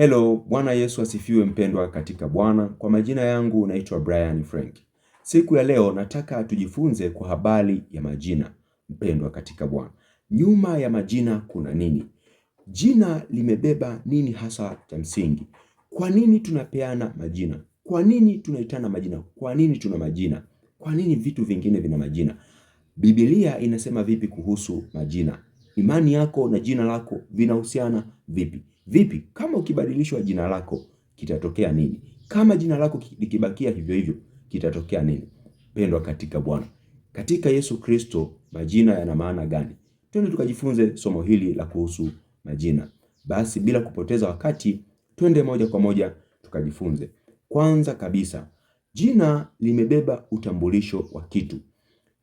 Hello, Bwana Yesu asifiwe mpendwa katika Bwana. Kwa majina yangu naitwa Brian Frank. Siku ya leo nataka tujifunze kwa habari ya majina. Mpendwa katika Bwana, nyuma ya majina kuna nini? Jina limebeba nini hasa cha msingi? Kwa nini tunapeana majina? Kwa nini tunaitana majina? Kwa nini tuna majina? Kwa nini vitu vingine vina majina? Biblia inasema vipi kuhusu majina? Imani yako na jina lako vinahusiana vipi? Vipi kama ukibadilishwa jina lako kitatokea nini? Kama jina lako likibakia hivyo hivyo kitatokea nini? Pendwa katika Bwana, katika Yesu Kristo, majina yana maana gani? Twende tukajifunze somo hili la kuhusu majina. Basi bila kupoteza wakati, twende moja kwa moja tukajifunze. Kwanza kabisa, jina limebeba utambulisho wa kitu.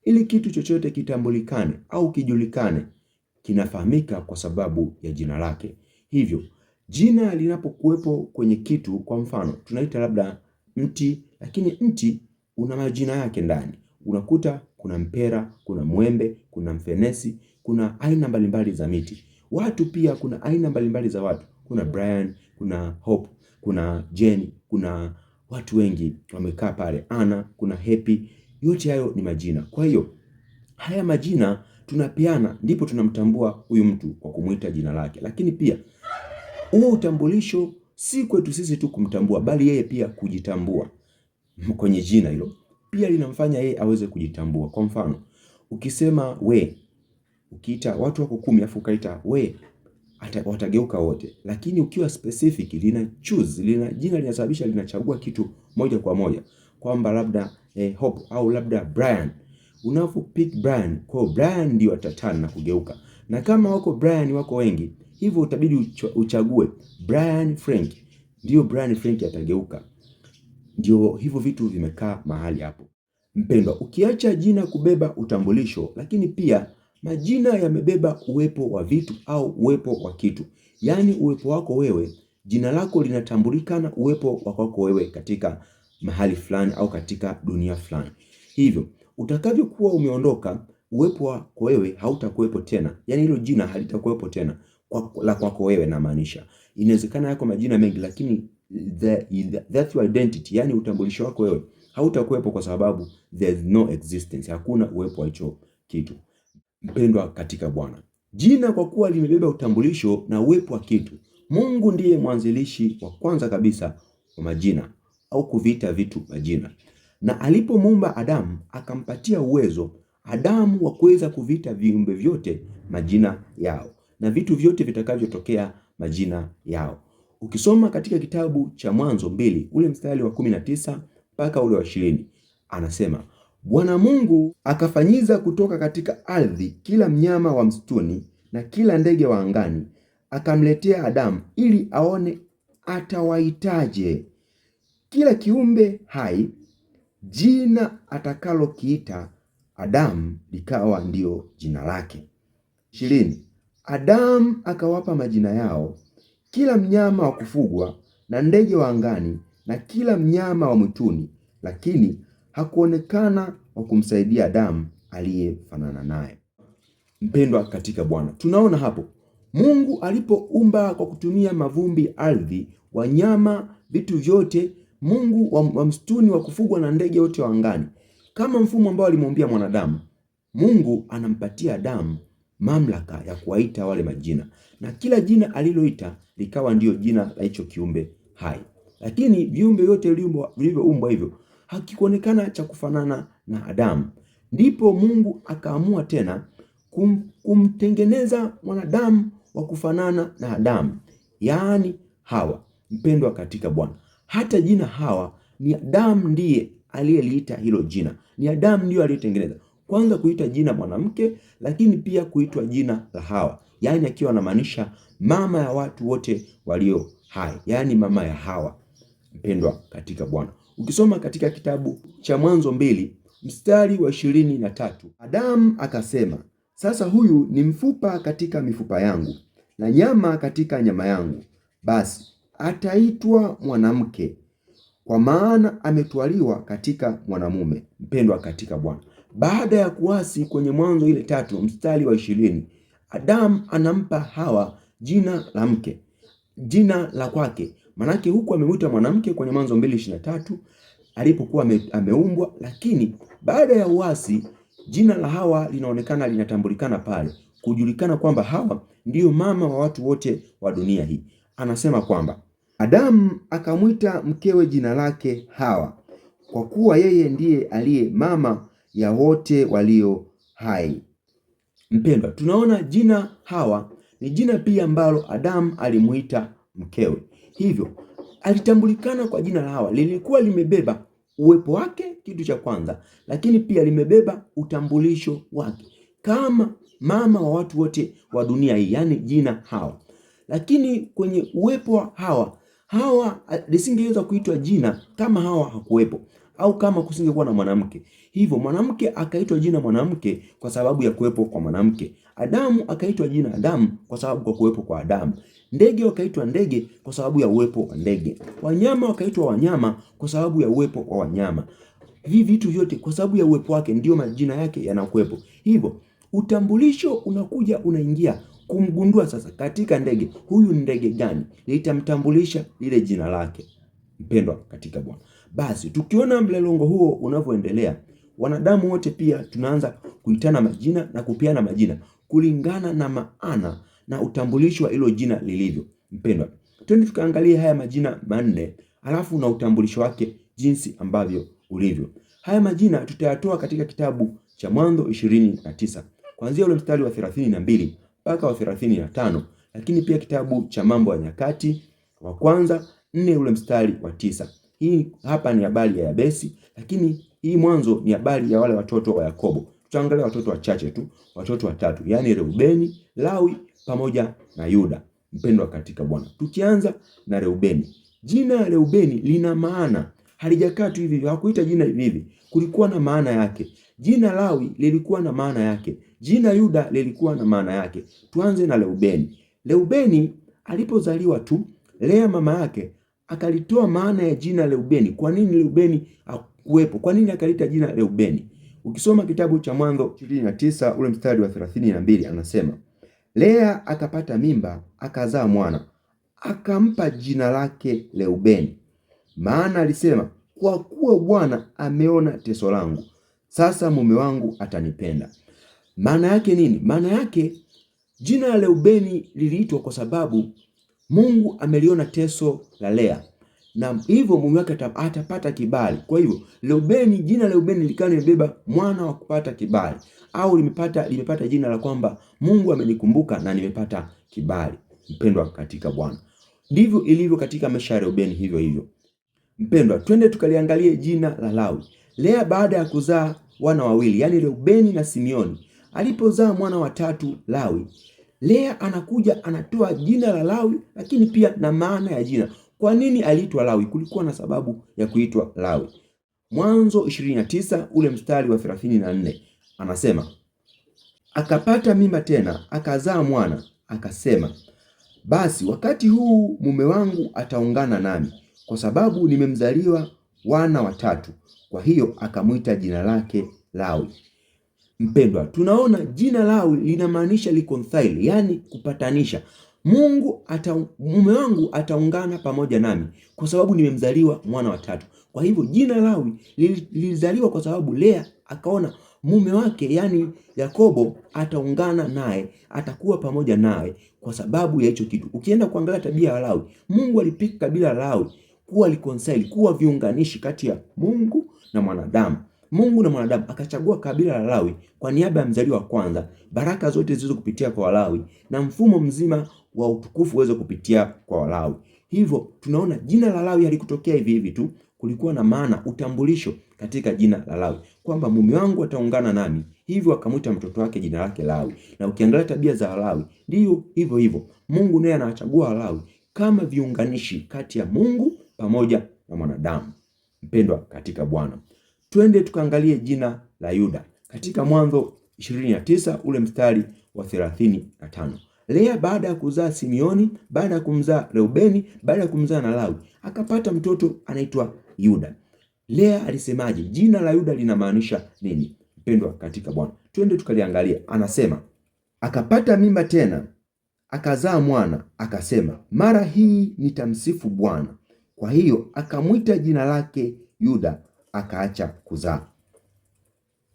Ili kitu chochote kitambulikane au kijulikane, kinafahamika kwa sababu ya jina lake. Hivyo jina linapokuwepo kwenye kitu, kwa mfano tunaita labda mti, lakini mti una majina yake ndani. Unakuta kuna mpera, kuna mwembe, kuna mfenesi, kuna aina mbalimbali za miti. Watu pia kuna aina mbalimbali za watu. Kuna Brian, kuna Hope, kuna Jenny, kuna watu wengi wamekaa pale, Ana, kuna Happy. Yote hayo ni majina. Kwa hiyo haya majina tunapeana, ndipo tunamtambua huyu mtu kwa kumwita jina lake, lakini pia huo utambulisho si kwetu sisi tu kumtambua, bali yeye pia kujitambua kwenye jina hilo pia linamfanya yeye aweze kujitambua. Kwa mfano, ukisema we, ukiita watu wako kumi afu ukaita we, watageuka wote, lakini ukiwa specific, lina choose, lina jina linasababisha linachagua kitu moja kwa moja kwamba labda eh, Hope au labda Brian. Unapo pick Brian, kwa Brian ndio atatana na kugeuka, na kama wako Brian wako wengi hivyo utabidi uchague Brian Frank, ndio Brian Frank atageuka. Ndio hivyo vitu vimekaa mahali hapo. Mpendwa, ukiacha jina kubeba utambulisho, lakini pia majina yamebeba uwepo wa vitu au uwepo wa kitu, yaani uwepo wako wewe. Jina lako linatambulika na uwepo wako wewe katika mahali fulani au katika dunia fulani. Hivyo utakavyokuwa umeondoka, uwepo wako wewe hautakuwepo tena, yaani hilo jina halitakuwepo tena la kwako wewe, namaanisha. Inawezekana yako majina mengi, lakini the, that your identity, yani utambulisho wako wewe hautakuwepo kwa sababu there's no existence, hakuna uwepo wa hicho kitu. Mpendwa katika Bwana, jina kwa kuwa limebeba utambulisho na uwepo wa kitu, Mungu ndiye mwanzilishi wa kwanza kabisa wa majina au kuvita vitu majina, na alipomuumba Adamu akampatia uwezo Adamu wa kuweza kuvita viumbe vyote majina yao na vitu vyote vitakavyotokea majina yao. Ukisoma katika kitabu cha Mwanzo mbili ule mstari wa kumi na tisa mpaka ule wa 20, anasema Bwana Mungu akafanyiza kutoka katika ardhi kila mnyama wa msituni na kila ndege wa angani, akamletea Adamu ili aone atawaitaje kila kiumbe hai jina atakalokiita. Adamu likawa ndio jina lake. ishirini Adamu akawapa majina yao, kila mnyama wa kufugwa na ndege wa angani na kila mnyama wa mwituni, lakini hakuonekana wa kumsaidia Adamu aliyefanana naye. Mpendwa katika Bwana, tunaona hapo Mungu alipoumba kwa kutumia mavumbi, ardhi, wanyama, vitu vyote, Mungu wa, wa msituni wa kufugwa na ndege wote wa angani, kama mfumo ambao alimwambia mwanadamu, Mungu anampatia Adamu mamlaka ya kuwaita wale majina, na kila jina aliloita likawa ndiyo jina la hicho kiumbe hai. Lakini viumbe vyote vilivyoumbwa hivyo hakikuonekana cha kufanana na Adamu. Ndipo Mungu akaamua tena kum, kumtengeneza mwanadamu wa kufanana na Adamu, yaani Hawa. Mpendwa katika Bwana, hata jina Hawa ni Adamu ndiye aliyeliita hilo jina, ni Adamu ndiyo aliyetengeneza kwanza kuita jina mwanamke, lakini pia kuitwa jina la Hawa, yaani akiwa anamaanisha mama ya watu wote walio hai, yaani mama ya Hawa. Mpendwa katika Bwana, ukisoma katika kitabu cha Mwanzo mbili mstari wa ishirini na tatu Adamu akasema, sasa huyu ni mfupa katika mifupa yangu na nyama katika nyama yangu, basi ataitwa mwanamke, kwa maana ametwaliwa katika mwanamume. Mpendwa katika Bwana, baada ya kuasi kwenye Mwanzo ile tatu mstari wa ishirini, Adamu anampa Hawa jina la mke, jina la kwake, manake huku amemwita mwanamke kwenye Mwanzo mbili ishirini na tatu alipokuwa ameumbwa, lakini baada ya uasi jina la Hawa linaonekana linatambulikana pale, kujulikana kwamba Hawa ndiyo mama wa watu wote wa dunia hii. Anasema kwamba Adamu akamwita mkewe jina lake Hawa, kwa kuwa yeye ndiye aliye mama ya wote walio hai. Mpendwa, tunaona jina Hawa ni jina pia ambalo Adamu alimuita mkewe, hivyo alitambulikana kwa jina la Hawa. Lilikuwa limebeba uwepo wake, kitu cha kwanza, lakini pia limebeba utambulisho wake kama mama wa watu wote wa dunia hii, yaani jina Hawa. Lakini kwenye uwepo wa Hawa, Hawa lisingeweza kuitwa jina kama Hawa hakuwepo au kama kusingekuwa na mwanamke. Hivyo mwanamke akaitwa jina mwanamke kwa sababu ya kuwepo kwa mwanamke. Adamu akaitwa jina Adamu kwa sababu kwa kuwepo kwa Adamu. Ndege wakaitwa ndege kwa sababu ya uwepo wa ndege. Wanyama wakaitwa wanyama kwa sababu ya uwepo wa wanyama. Hivi vitu vyote kwa sababu ya uwepo wake ndio majina yake yanakuwepo. Hivyo utambulisho unakuja unaingia kumgundua sasa katika ndege, huyu ndege gani? Litamtambulisha lile jina lake. Mpendwa katika Bwana. Basi tukiona mlolongo huo unavyoendelea, wanadamu wote pia tunaanza kuitana majina na kupeana majina kulingana na maana na utambulisho wa hilo jina lilivyo. Mpendwa, twende tukaangalia haya majina manne alafu na utambulisho wake jinsi ambavyo ulivyo. Haya majina tutayatoa katika kitabu cha Mwanzo ishirini na tisa kuanzia ule mstari wa 32 mpaka wa 35, lakini pia kitabu cha Mambo ya Nyakati wa kwanza nne ule mstari wa tisa hii hapa ni habari ya Yabesi, lakini hii mwanzo ni habari ya wale watoto wa Yakobo. Tutaangalia watoto wachache tu, watoto watatu, yaani Reubeni, Lawi pamoja na Yuda. Mpendwa katika Bwana, tukianza na Reubeni. Jina Reubeni lina maana, halijakaa tu hivi hakuita jina hivi hivi, kulikuwa na maana yake. Jina Lawi lilikuwa na maana yake, jina Yuda lilikuwa na maana yake. Tuanze na Reubeni. Reubeni alipozaliwa tu, Lea mama yake akalitoa maana ya jina Reubeni. Kwa nini Reubeni hakuwepo? Kwa nini akalita jina Reubeni? Ukisoma kitabu cha Mwanzo 29 ule mstari wa 32 anasema, Lea akapata mimba akazaa mwana, akampa jina lake Reubeni, maana alisema, kwa kuwa Bwana ameona teso langu, sasa mume wangu atanipenda. Maana yake nini? Maana yake jina la Reubeni liliitwa kwa sababu Mungu ameliona teso la Lea na hivyo mume wake atapata kibali. Kwa hivyo Reubeni, jina Reubeni likawa limebeba mwana wa kupata kibali, au limepata limepata jina la kwamba Mungu amenikumbuka na nimepata kibali. Mpendwa katika Bwana, ndivyo ilivyo katika maisha ya Reubeni, hivyo hivyo. Mpendwa, twende tukaliangalie jina la Lawi. Lea baada ya kuzaa wana wawili, yaani Reubeni na Simeoni, alipozaa mwana wa tatu Lawi Lea anakuja anatoa jina la Lawi, lakini pia na maana ya jina. Kwa nini aliitwa Lawi? Kulikuwa na sababu ya kuitwa Lawi. Mwanzo 29 ule mstari wa 34 anasema, akapata mimba tena akazaa mwana, akasema, basi wakati huu mume wangu ataungana nami, kwa sababu nimemzaliwa wana watatu. Kwa hiyo akamwita jina lake Lawi. Mpendwa, tunaona jina Lawi linamaanisha reconcile, yani kupatanisha. Mungu ata, mume wangu ataungana pamoja nami kwa sababu nimemzaliwa mwana wa tatu. Kwa hivyo jina Lawi lilizaliwa kwa sababu Lea akaona mume wake yani Yakobo ataungana naye, atakuwa pamoja naye kwa sababu ya hicho kitu. Ukienda kuangalia tabia ya Lawi, Mungu alipika kabila la Lawi kuwa reconcile, kuwa viunganishi kati ya Mungu na mwanadamu. Mungu na mwanadamu akachagua kabila la Lawi kwa niaba ya mzaliwa wa kwanza, baraka zote ziweze kupitia kwa Walawi na mfumo mzima wa utukufu uweze kupitia kwa Walawi. Hivyo tunaona jina la Lawi halikutokea hivi hivi tu, kulikuwa na maana, utambulisho katika jina la Lawi kwamba mume wangu ataungana nami, hivyo akamwita mtoto wake jina lake Lawi. Na ukiangalia tabia za Walawi ndio hivyo hivyo, Mungu naye anawachagua Walawi kama viunganishi kati ya Mungu pamoja na mwanadamu. Mpendwa katika Bwana Twende tukaangalie jina la Yuda katika Mwanzo 29 ule mstari wa 35. Lea baada ya kuzaa Simioni, baada ya kumzaa Reubeni, baada ya kumzaa na Lawi, akapata mtoto anaitwa Yuda. Lea alisemaje? Jina la Yuda linamaanisha nini? Mpendwa katika Bwana, twende tukaliangalia. Anasema akapata mimba tena akazaa mwana, akasema mara hii nitamsifu Bwana. Kwa hiyo akamwita jina lake Yuda, akaacha kuzaa.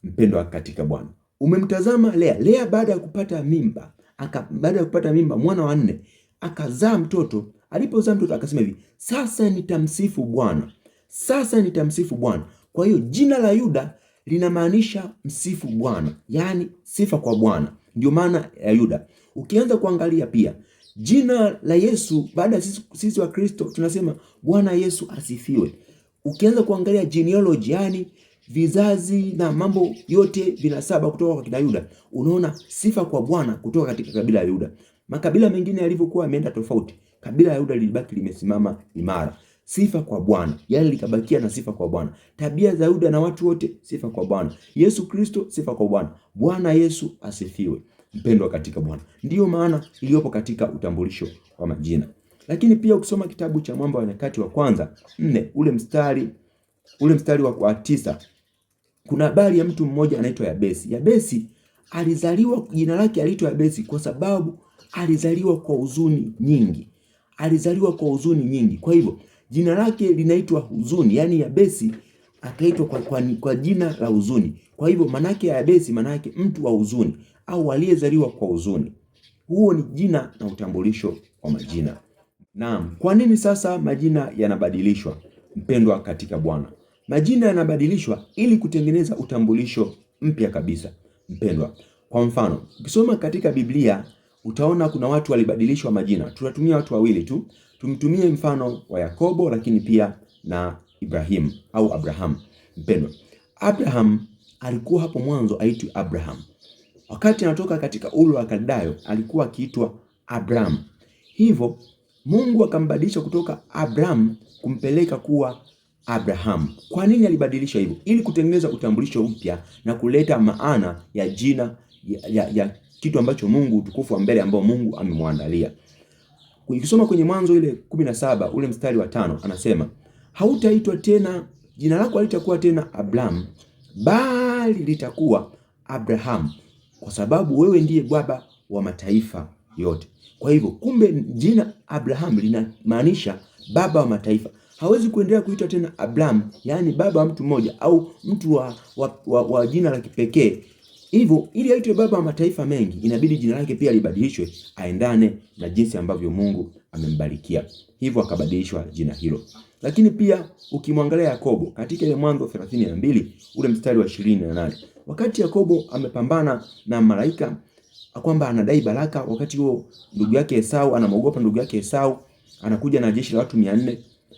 Mpendwa katika Bwana, umemtazama Lea. Lea baada ya kupata mimba aka, baada ya kupata mimba mwana wa nne akazaa mtoto. Alipozaa mtoto akasema hivi, sasa nitamsifu Bwana, sasa nitamsifu Bwana. Kwa hiyo jina la Yuda linamaanisha msifu Bwana, yaani sifa kwa Bwana, ndio maana ya Yuda. Ukianza kuangalia pia jina la Yesu, baada ya sisi, sisi Wakristo tunasema Bwana Yesu asifiwe. Ukianza kuangalia genealogy, yani vizazi na mambo yote vinasaba kutoka kwa kina Yuda, unaona sifa kwa Bwana kutoka katika kabila ya Yuda. Makabila mengine yalivyokuwa yameenda tofauti, kabila ya Yuda lilibaki limesimama imara. Sifa kwa Bwana, yale likabakia na sifa kwa Bwana. Tabia za Yuda na watu wote, sifa kwa Bwana. Yesu Kristo, sifa kwa Bwana. Bwana Yesu asifiwe. Mpendwa katika Bwana, ndiyo maana iliyopo katika utambulisho wa majina. Lakini pia ukisoma kitabu cha mwamba wa Nyakati wa Kwanza nne ule mstari ule mstari wa tisa kuna habari ya mtu mmoja anaitwa Yabesi. Yabesi alizaliwa, jina lake aliitwa Yabesi kwa sababu alizaliwa kwa huzuni nyingi, alizaliwa kwa huzuni nyingi. Kwa hivyo jina lake linaitwa huzuni, yaani Yabesi akaitwa kwa, kwa, kwa jina la huzuni. Kwa hivyo manake ya Yabesi manake mtu wa huzuni au aliyezaliwa kwa huzuni. Huo ni jina na utambulisho wa majina. Naam, kwa nini sasa majina yanabadilishwa? Mpendwa katika Bwana, majina yanabadilishwa ili kutengeneza utambulisho mpya kabisa. Mpendwa, kwa mfano ukisoma katika Biblia utaona kuna watu walibadilishwa majina. Tunatumia watu wawili tu, tumtumie mfano wa Yakobo, lakini pia na Ibrahim au Abraham. Mpendwa, Abraham alikuwa hapo mwanzo aitwi Abraham, wakati anatoka katika ulu wa Kaldayo alikuwa akiitwa Abram. Hivyo Mungu akambadilisha kutoka Abraham kumpeleka kuwa Abraham. Kwa nini alibadilisha hivyo? Ili kutengeneza utambulisho mpya na kuleta maana ya jina ya, ya, ya kitu ambacho Mungu utukufu wa mbele ambao Mungu amemwandalia. Ukisoma kwenye Mwanzo ile 17 ule mstari wa tano anasema hautaitwa tena jina lako halitakuwa tena Abraham bali litakuwa Abraham kwa sababu wewe ndiye baba wa mataifa yote. Kwa hivyo, kumbe jina Abraham linamaanisha baba wa mataifa. Hawezi kuendelea kuitwa tena Abraham, yaani baba wa mtu mmoja au mtu wa, wa, wa, wa jina la kipekee. Hivyo ili aitwe baba wa mataifa mengi, inabidi jina lake pia libadilishwe aendane na jinsi ambavyo Mungu amembarikia. Hivyo akabadilishwa jina hilo. Lakini pia ukimwangalia Yakobo katika ile Mwanzo 32 ule mstari wa 28, wakati Yakobo amepambana na malaika kwamba anadai baraka, wakati huo ndugu yake Esau anamwogopa ndugu yake Esau, anakuja na jeshi la watu 400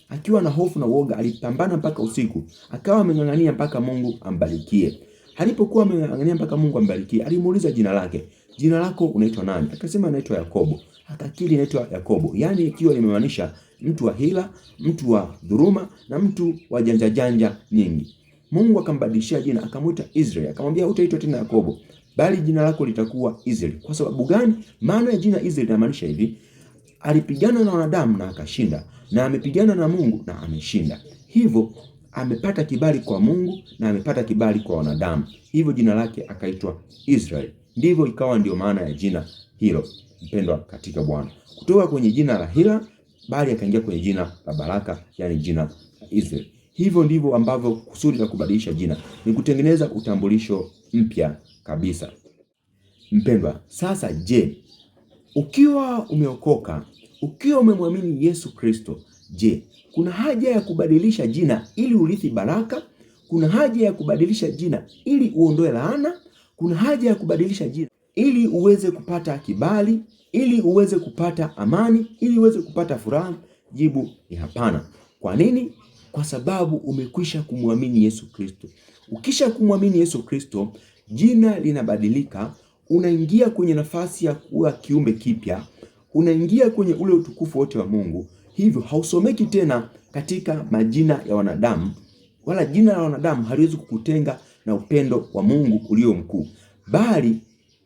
akiwa na hofu na uoga. Alipambana mpaka usiku, akawa ameng'ang'ania mpaka Mungu ambarikie. Alipokuwa ameng'ang'ania mpaka Mungu ambarikie, alimuuliza jina lake, jina lako unaitwa nani? Akasema anaitwa Yakobo. Akakiri anaitwa Yakobo, yani ikiwa limemaanisha mtu wa hila, mtu wa dhuruma na mtu wa janja janja nyingi. Mungu akambadilishia jina akamwita Israeli, akamwambia utaitwa tena Yakobo, bali jina lako litakuwa Israeli. Kwa sababu gani? Maana ya jina Israeli inamaanisha hivi, alipigana na wanadamu na akashinda, na amepigana na Mungu na ameshinda. Hivyo amepata kibali kwa Mungu na amepata kibali kwa wanadamu, hivyo jina lake akaitwa Israeli. Ndivyo ikawa ndio maana ya jina hilo, mpendwa katika Bwana, kutoka kwenye jina la hila, bali akaingia kwenye jina la baraka, yani jina la Israeli. Hivyo ndivyo ambavyo kusudi la kubadilisha jina ni kutengeneza utambulisho mpya kabisa. Mpendwa, sasa je, ukiwa umeokoka, ukiwa umemwamini Yesu Kristo, je, kuna haja ya kubadilisha jina ili urithi baraka? Kuna haja ya kubadilisha jina ili uondoe laana? Kuna haja ya kubadilisha jina ili uweze kupata kibali, ili uweze kupata amani, ili uweze kupata furaha? Jibu ni hapana. Kwa nini? Kwa sababu umekwisha kumwamini Yesu Kristo. Ukisha kumwamini Yesu Kristo, Jina linabadilika, unaingia kwenye nafasi ya kuwa kiumbe kipya, unaingia kwenye ule utukufu wote wa Mungu. Hivyo hausomeki tena katika majina ya wanadamu, wala jina la wanadamu haliwezi kukutenga na upendo wa Mungu ulio mkuu, bali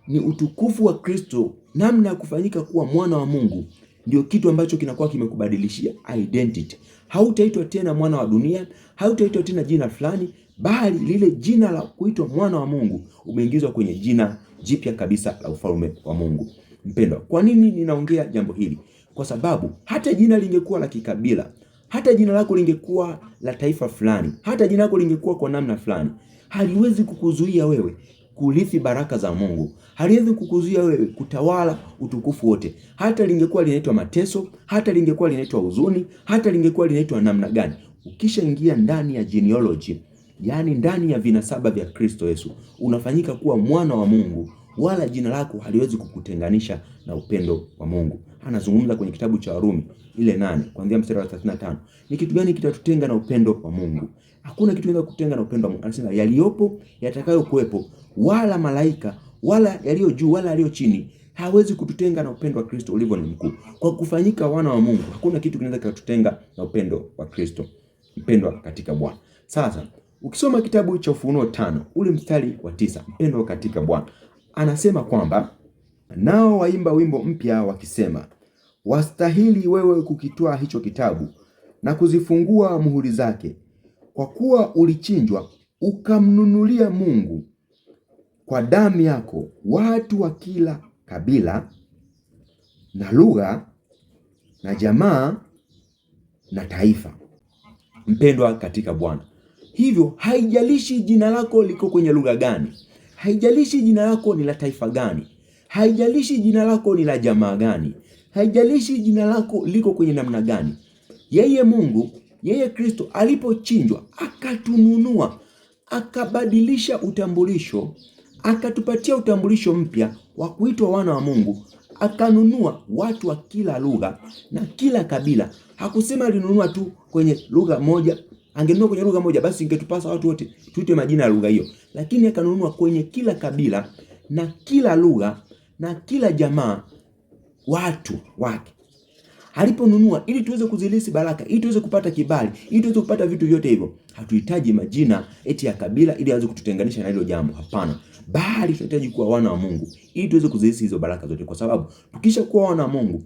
ni utukufu wa Kristo, namna ya kufanyika kuwa mwana wa Mungu ndio kitu ambacho kinakuwa kimekubadilishia identity. Hautaitwa tena mwana wa dunia, hautaitwa tena jina fulani, bali lile jina la kuitwa mwana wa Mungu umeingizwa kwenye jina jipya kabisa la ufalme wa Mungu. Mpendwa, kwa nini ninaongea jambo hili? Kwa sababu hata jina lingekuwa la kikabila, hata jina lako lingekuwa la taifa fulani, hata jina lako lingekuwa kwa namna fulani, haliwezi kukuzuia wewe kurithi baraka za Mungu, haliwezi kukuzuia wewe kutawala utukufu wote. Hata lingekuwa linaitwa mateso, hata lingekuwa linaitwa huzuni, hata lingekuwa linaitwa namna gani, ukishaingia ndani ya genealogy yaani ndani ya vinasaba vya Kristo Yesu unafanyika kuwa mwana wa Mungu, wala jina lako haliwezi kukutenganisha na upendo wa Mungu. Anazungumza kwenye kitabu cha Warumi ile nane kuanzia mstari wa 35. Ni kitu gani kitatutenga na upendo wa Mungu? Hakuna kitu kinaweza kutenga na upendo wa Mungu. Anasema yaliyopo, yatakayokuwepo, wala malaika, wala yaliyo juu, wala yaliyo chini hawezi kututenga na upendo wa Kristo ulivyo ni mkuu. Kwa kufanyika wana wa Mungu, hakuna kitu kinaweza kututenga na upendo wa Kristo, mpendwa katika Bwana. Sasa Ukisoma kitabu cha Ufunuo tano ule mstari wa tisa, mpendwa katika Bwana anasema kwamba nao waimba wimbo mpya wakisema, wastahili wewe kukitoa hicho kitabu na kuzifungua muhuri zake, kwa kuwa ulichinjwa ukamnunulia Mungu kwa damu yako watu wa kila kabila na lugha na jamaa na taifa. Mpendwa katika Bwana Hivyo haijalishi jina lako liko kwenye lugha gani, haijalishi jina lako ni la taifa gani, haijalishi jina lako ni la jamaa gani, haijalishi jina lako liko kwenye namna gani. Yeye Mungu, yeye Kristo alipochinjwa akatununua, akabadilisha utambulisho, akatupatia utambulisho mpya wa kuitwa wana wa Mungu akanunua watu wa kila lugha na kila kabila. Hakusema alinunua tu kwenye lugha moja Angenunua kwenye lugha moja, basi ingetupasa watu wote tuite majina ya lugha hiyo, lakini akanunua kwenye kila kabila na kila lugha na kila jamaa watu wake. Aliponunua ili tuweze kuzilisi baraka, ili tuweze kupata kibali, ili tuweze kupata vitu vyote hivyo, hatuhitaji majina eti ya kabila ili aweze kututenganisha na hilo jambo. Hapana, bali tunahitaji kuwa wana wa Mungu ili tuweze kuzilisi hizo baraka zote, kwa sababu tukisha kuwa wana wa Mungu,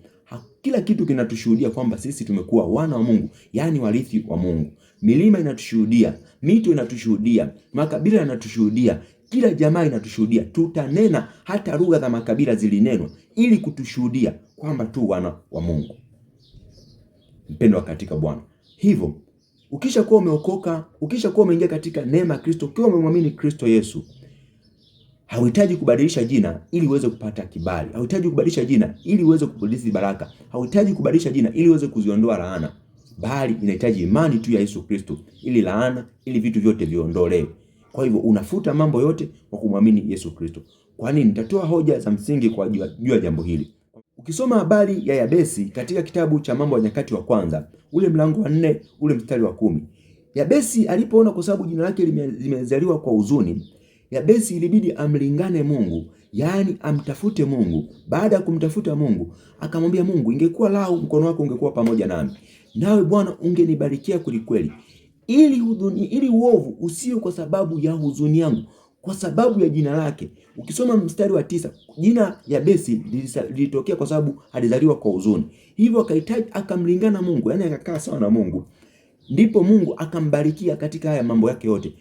kila kitu kinatushuhudia kwamba sisi tumekuwa wana wa Mungu, yani warithi wa Mungu milima inatushuhudia, mito inatushuhudia, makabila yanatushuhudia, kila jamaa inatushuhudia. Tutanena hata lugha za makabila zilinenwa, ili kutushuhudia kwamba tu wana wa Mungu. Mpendwa katika Bwana, hivyo ukisha kuwa umeokoka, ukisha kuwa umeingia katika neema ya Kristo, ukiwa umemwamini Kristo Yesu, hauhitaji kubadilisha jina ili uweze kupata kibali, hauhitaji kubadilisha jina ili uweze kupulisi baraka, hauhitaji kubadilisha jina ili uweze kuziondoa laana bali inahitaji imani tu ya Yesu Kristo ili laana ili vitu vyote viondolewe. Kwa hivyo unafuta mambo yote kwa kumwamini Yesu Kristo. Kwa nini? Nitatoa hoja za msingi kwa juu ya jambo hili. Ukisoma habari ya Yabesi katika kitabu cha Mambo ya Nyakati wa Kwanza, ule mlango wa nne, ule mstari wa kumi, Yabesi alipoona kwa sababu jina lake limezaliwa kwa huzuni, Yabesi ilibidi amlingane Mungu, yaani amtafute Mungu. Baada ya kumtafuta Mungu, akamwambia Mungu, ingekuwa lau mkono wako ungekuwa pamoja nami, nawe Bwana ungenibarikia kwelikweli, ili huzuni, ili uovu usio kwa sababu ya huzuni yangu, kwa sababu ya jina lake. Ukisoma mstari wa tisa, jina Yabesi lilitokea kwa sababu alizaliwa kwa huzuni, hivyo akahitaji akamlingana Mungu, yani akakaa sawa na Mungu, ndipo Mungu akambarikia katika haya mambo yake yote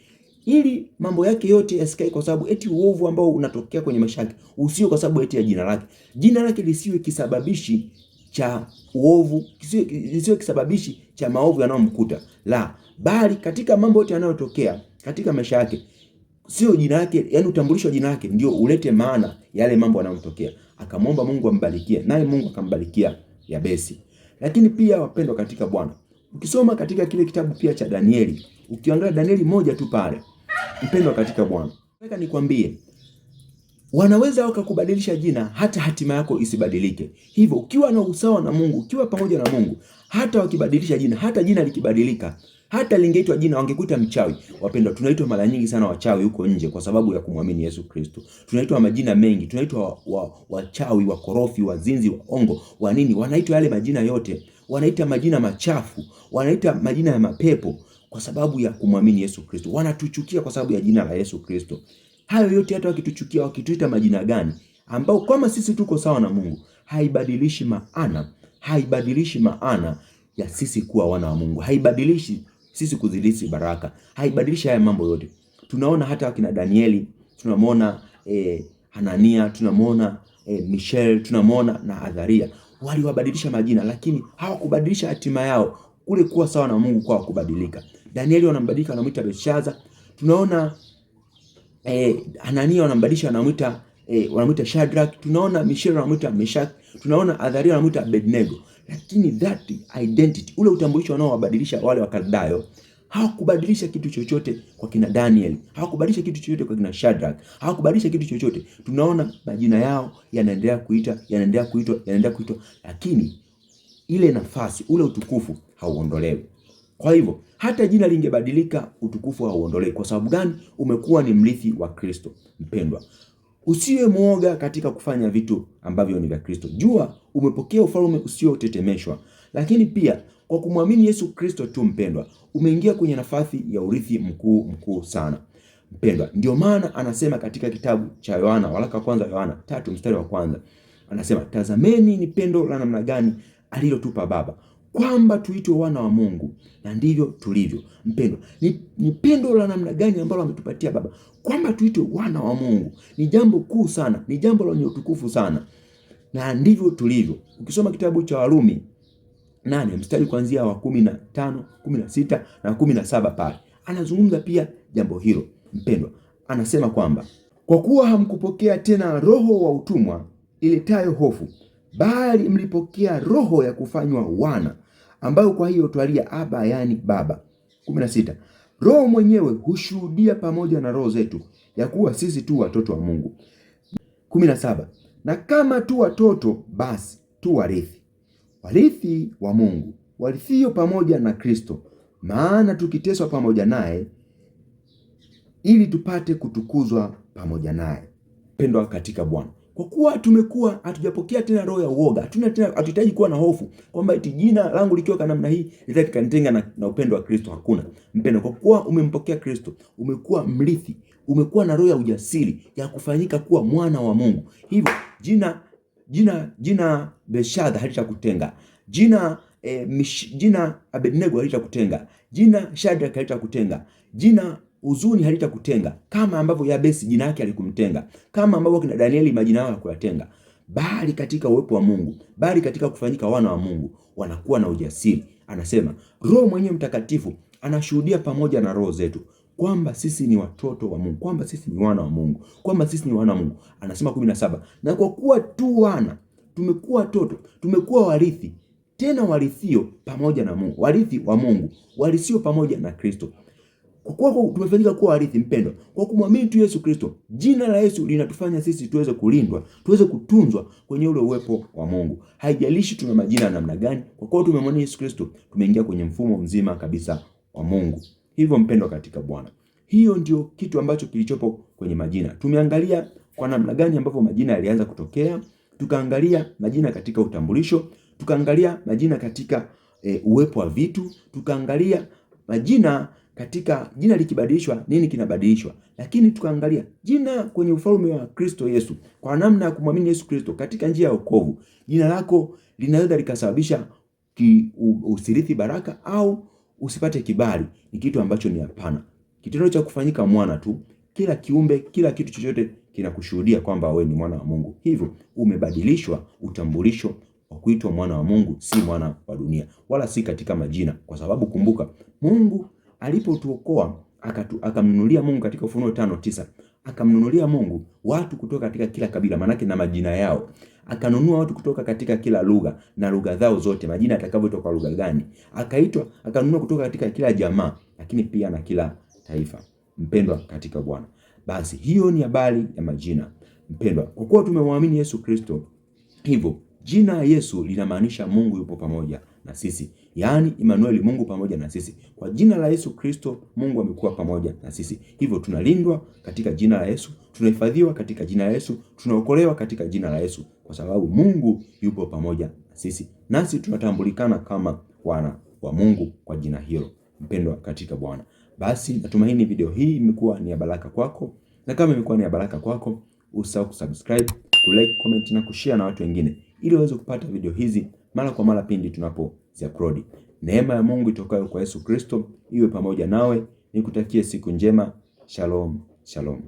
ili mambo yake yote yasikae kwa sababu eti uovu ambao unatokea kwenye maisha yake usio kwa sababu eti ya jina lake. Jina lake lisiwe kisababishi cha uovu, kisiwe kisababishi cha maovu yanayomkuta, la bali katika mambo yote yanayotokea katika maisha yake sio jina lake, yani utambulisho wa jina lake ndio ulete maana yale mambo yanayotokea. Akamwomba Mungu ambarikie, naye Mungu akambarikia Yabesi. Lakini pia wapendwa katika Bwana, ukisoma katika kile kitabu pia cha Danieli, ukiangalia Danieli moja tu pale, mpendwa katika Bwana, nataka nikwambie wanaweza wakakubadilisha jina hata hatima yako isibadilike. Hivyo ukiwa na usawa na Mungu, ukiwa pamoja na Mungu, hata wakibadilisha jina, hata jina likibadilika, hata lingeitwa jina, wangekuita mchawi. Wapendwa, tunaitwa mara nyingi sana wachawi huko nje kwa sababu ya kumwamini Yesu Kristo. Tunaitwa majina mengi, tunaitwa wachawi, wa, wa wakorofi, wazinzi, waongo, wa nini, wanaitwa yale majina yote, wanaita majina machafu, wanaita majina ya mapepo kwa sababu ya kumwamini Yesu Kristo. Wanatuchukia kwa sababu ya jina la Yesu Kristo hayo yote, hata wakituchukia, wakituita majina gani, ambao kama sisi tuko sawa na Mungu, haibadilishi maana, haibadilishi maana ya sisi kuwa wana wa Mungu, haibadilishi sisi kuzilisi baraka, haibadilishi haya mambo yote. Tunaona hata wakina Danieli, tunamwona eh, Hanania, tunamwona eh, Michelle, tunamwona na Adharia, waliwabadilisha majina, lakini hawakubadilisha hatima yao kule kuwa sawa na Mungu kwa kubadilika. Danieli wanambadilika, wanamwita Belshaza. Tunaona eh, Anania wanambadilisha wanamwita eh, wanamuita Shadrach, tunaona Mishael wanamwita Meshach, tunaona Adharia wanamwita Abednego, lakini that identity, ule utambulisho wanaowabadilisha wale Wakaldayo hawakubadilisha kitu chochote kwa kina Daniel, hawakubadilisha kitu chochote kwa kina Shadrach, hawakubadilisha kitu chochote. Tunaona majina yao yanaendelea kuita yanaendelea kuitwa yanaendelea kuitwa, lakini ile nafasi ule utukufu hauondolewi. Kwa hivyo hata jina lingebadilika, utukufu hauondolei. Kwa sababu gani? Umekuwa ni mrithi wa Kristo. Mpendwa, usiwe mwoga katika kufanya vitu ambavyo ni vya Kristo. Jua umepokea ufalme usiotetemeshwa, lakini pia kwa kumwamini Yesu Kristo tu, mpendwa, umeingia kwenye nafasi ya urithi mkuu mkuu sana mpendwa. Ndio maana anasema katika kitabu cha Yohana, waraka wa kwanza Yohana tatu mstari wa kwanza anasema, tazameni ni pendo la namna gani alilotupa Baba kwamba tuitwe wana wa Mungu, na ndivyo tulivyo. Mpendwa, ni, ni pendo la namna gani ambalo ametupatia Baba kwamba tuitwe wana wa Mungu? Ni jambo kuu sana, ni jambo lenye utukufu sana, na ndivyo tulivyo. Ukisoma kitabu cha Warumi nane mstari kuanzia wa kumi na tano kumi na sita na kumi na saba pale anazungumza pia jambo hilo. Mpendwa, anasema kwamba kwa kuwa hamkupokea tena roho wa utumwa iletayo hofu bali mlipokea roho ya kufanywa wana, ambayo kwa hiyo twalia Aba, yaani Baba. 16 Roho mwenyewe hushuhudia pamoja na roho zetu ya kuwa sisi tu watoto wa Mungu. 17 Na kama tu watoto, basi tu warithi, warithi wa Mungu, warithio pamoja na Kristo, maana tukiteswa pamoja naye, ili tupate kutukuzwa pamoja naye. Pendwa katika Bwana kwa kuwa tumekuwa hatujapokea tena roho ya uoga, hatuna tena, hatuhitaji kuwa na hofu kwamba eti jina langu likiwa kwa namna hii lidhani kanitenga na, na upendo wa Kristo. Hakuna mpendo, kwa kuwa umempokea Kristo, umekuwa mrithi, umekuwa na roho ya ujasiri ya kufanyika kuwa mwana wa Mungu. Hivyo jina jina jina Beshadha halitakutenga jina eh, mish, jina Abednego halitakutenga jina Shadraka halitakutenga jina huzuni halitakutenga kama ambavyo Yabesi jina yake alikumtenga, kama ambavyo kina Danieli majina yao hakuyatenga, bali katika uwepo wa Mungu, bali katika kufanyika wana wa Mungu wanakuwa na ujasiri. Anasema Roho mwenyewe Mtakatifu anashuhudia pamoja na roho zetu kwamba sisi ni watoto wa Mungu, kwamba sisi ni wana wa Mungu, kwamba sisi ni wana wa Mungu. Anasema 17, na kwa kuwa tu wana, tumekuwa watoto, tumekuwa warithi, tena warithio pamoja na Mungu, warithi wa Mungu, warithio pamoja na Kristo kwa kuwa tumefanyika kuwa warithi mpendwa, kwa kumwamini tu Yesu Kristo. Jina la Yesu linatufanya sisi tuweze kulindwa, tuweze kutunzwa kwenye ule uwepo wa Mungu. Haijalishi tuna majina namna gani, kwa kuwa tumemwamini Yesu Kristo, tumeingia kwenye mfumo mzima kabisa wa Mungu. Hivyo mpendwa katika Bwana, hiyo ndio kitu ambacho kilichopo kwenye majina. Tumeangalia kwa namna gani ambavyo majina yalianza kutokea, tukaangalia majina katika utambulisho, tukaangalia majina katika e, uwepo wa vitu, tukaangalia majina katika jina likibadilishwa, nini kinabadilishwa? Lakini tukaangalia jina kwenye ufalme wa Kristo Yesu, kwa namna ya kumwamini Yesu Kristo katika njia ya wokovu, jina lako linaweza likasababisha usirithi baraka au usipate kibali. Ni kitu ambacho ni hapana, kitendo cha kufanyika mwana tu. Kila kiumbe, kila kitu chochote kinakushuhudia kwamba we ni mwana wa Mungu, hivyo umebadilishwa utambulisho wa kuitwa mwana wa Mungu, si mwana wa dunia, wala si katika majina, kwa sababu kumbuka Mungu alipotuokoa akamnunulia Mungu katika Ufunuo tano tisa akamnunulia Mungu watu kutoka katika kila kabila, manake na majina yao. Akanunua watu kutoka katika kila lugha na lugha zao zote, majina atakavyoitwa kwa lugha gani, akaitwa akanunua kutoka katika kila jamaa, lakini pia na kila taifa. Mpendwa katika Bwana, basi hiyo ni habari ya majina. Mpendwa, kwa kuwa tumemwamini Yesu Kristo, hivyo jina Yesu linamaanisha Mungu yupo pamoja na sisi, yaani Emmanuel, Mungu pamoja na sisi. Kwa jina la Yesu Kristo, Mungu amekuwa pamoja na sisi, hivyo tunalindwa katika jina la Yesu, tunahifadhiwa katika jina la Yesu, tunaokolewa katika jina la Yesu, kwa sababu Mungu yupo pamoja na sisi, nasi tunatambulikana kama wana wa Mungu kwa jina hilo. Mpendwa katika Bwana, basi natumaini video hii imekuwa ni ya baraka kwako, na kama imekuwa ni ya baraka kwako, usahau kusubscribe, kulike, comment na kushare na watu wengine ili waweze kupata video hizi mara kwa mara pindi tunapo tunapoziaplodi. Neema ya Mungu itokayo kwa Yesu Kristo iwe pamoja nawe. Nikutakie siku njema. Shalom, shalom.